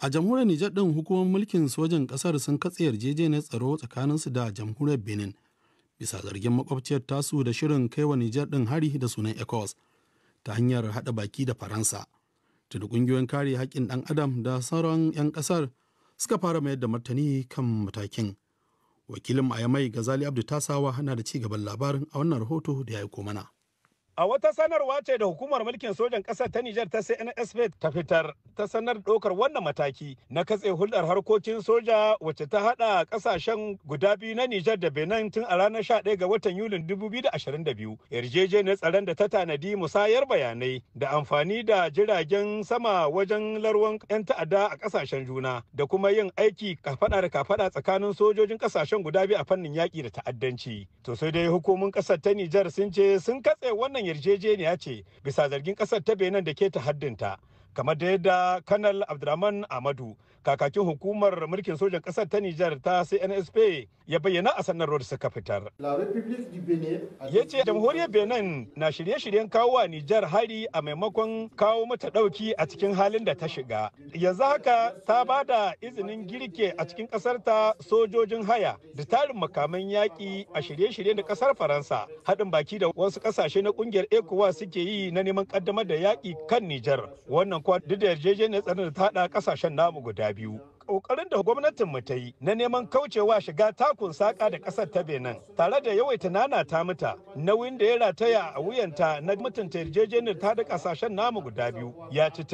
a jamhuriyar nijar ɗin hukumar mulkin sojan kasar sun katse yarjejeniyar tsaro tsakanin su da jamhuriyar benin bisa zargin makwabciyar tasu da shirin kaiwa nijar ɗin hari da sunan ecos ta hanyar haɗa baki da faransa tuni ƙungiyoyin kare haƙƙin ɗan adam da sauran 'yan ƙasar suka fara mayar da martani kan matakin wakilin ayamai gazali abdu tasawa hana da ci gaban labarin a wannan rahoto da ya aiko mana A wata sanarwa ce da hukumar mulkin sojan ƙasar ta Nijar ta CNSP ta fitar ta sanar ɗaukar wannan mataki na katse hulɗar harkokin soja wacce ta haɗa ƙasashen guda biyu na Nijar da Benin tun a ranar 11 ga watan Yulin 2022. Yarjejeniyar tsaron da ta tanadi musayar bayanai da amfani da jiragen sama wajen larwan 'yan ta'adda a ƙasashen juna da kuma yin aiki kafaɗa da kafaɗa tsakanin sojojin ƙasashen guda biyu a fannin yaƙi da ta'addanci. To sai dai hukumomin ƙasar ta Nijar sun ce sun katse wannan yarjejeniya ce bisa zargin kasar ta benin da ke ta haddinta kamar da yadda kanal abdulrahman amadu kakakin hukumar mulkin sojan ƙasar ta nijar ta cnsp ya bayyana a sanarwar suka fitar ya ce jamhuriyar benin na shirye-shiryen kawo wa nijar hari a maimakon kawo mata ɗauki a cikin halin da ta shiga yanzu haka ta ba da izinin girke a cikin ƙasar ta sojojin haya da tarin makaman yaƙi a shirye-shiryen da ƙasar faransa haɗin baki da wasu ƙasashe na ƙungiyar ecowas suke yi na neman ƙaddamar da yaƙi kan nijar wannan wannan kuwa duk da yarjejeniyar tsaron da ta haɗa kasashen namu guda biyu kokarin da gwamnatin mu ta yi na neman kaucewa shiga takun saƙa da ƙasar ta Benin tare da yawaita nana ta mata nauyin da ya rataya a wuyanta na mutunta yarjejeniyar ta hada kasashen namu guda biyu ya ci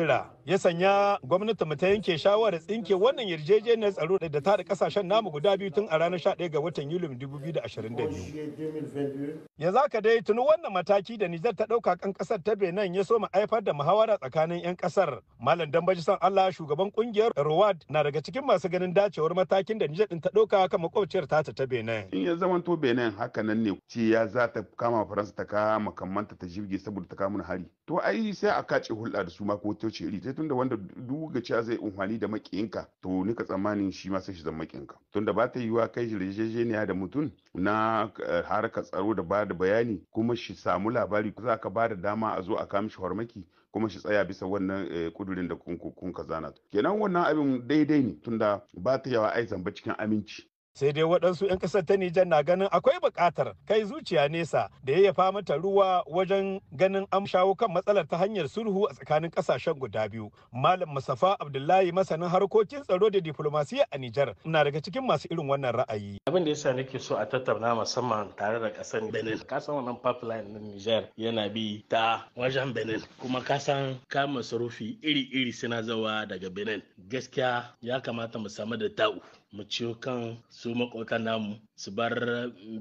ya sanya gwamnatin mu ta yanke shawarar tsinke wannan yarjejeniyar tsaro da ta da kasashen namu guda biyu tun a ranar 11 ga watan Yulin 2022. Yanzu haka dai tuni wannan mataki da Nijar ta dauka kan kasar ta Benin ya so mu haifar da muhawara tsakanin 'yan kasar. Malam Dambaji san Allah shugaban kungiyar Rowad na daga cikin masu ganin dacewar matakin da Nijar din ta dauka kan makwabciyar ta ta Benin. In ya zama to Benin haka nan ne ce ya za ta kama Faransa ta kama kamanta ta jirgi saboda ta kama hari. To ai sai a kace hulɗa da su ma ko ta ce tunda wanda duk cewa zai umfani da makiyinka to nika tsammanin shi ma sai shi zan makiyinka tunda ba ta yiwa kai yarjejeniya da mutum na eh, ka tsaro da ba da bayani kuma shi samu labari za ka ba da dama a zo a kama shi hormaki kuma shi tsaya bisa wannan kudurin eh, da kun ka zana kenan wannan abin daidai ne tunda ba ta yawa ai zamba cikin aminci sai dai waɗansu 'yan ƙasar ta Nijar na ganin akwai buƙatar kai zuciya nesa da ya yafa mata ruwa wajen ganin an shawo kan matsalar ta hanyar sulhu a tsakanin ƙasashen guda biyu. Malam Musafa Abdullahi masanin harkokin tsaro da diflomasiyya a Nijar na daga cikin masu irin wannan ra'ayi. Abin da yasa nake so a tattauna musamman tare da ƙasar Benin. Kasan wannan pipeline na Nijar yana bi ta wajen Benin kuma kasan kama masarufi iri-iri suna zawa daga Benin. Gaskiya ya kamata mu samu da ta'u. mu ciyo kan su makota namu su bar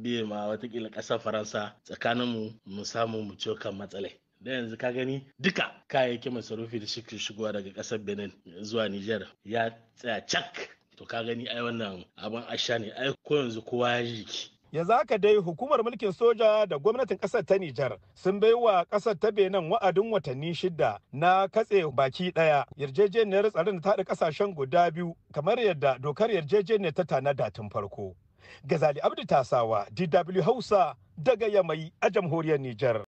biye ma watakila ƙasar faransa tsakaninmu mu samu mu ciyo kan matsalai da yanzu ka gani duka kayayyakin masarufi da suke shigowa daga ƙasar benin zuwa niger ya tsaya cak to ka gani ai wannan abin asha ne ai ko yanzu kowa ya jiki yanzu haka dai hukumar mulkin soja da gwamnatin kasar ta Nijar sun bai wa kasar ta Benin wa'adin watanni shida na katse baki daya yarjejeniyar tsaron ta haɗa kasashen guda biyu kamar yadda dokar yarjejeniyar ta tanada tun farko. Gazali Abdu Tasawa, DW Hausa daga Yamai a jamhuriyar Nijar.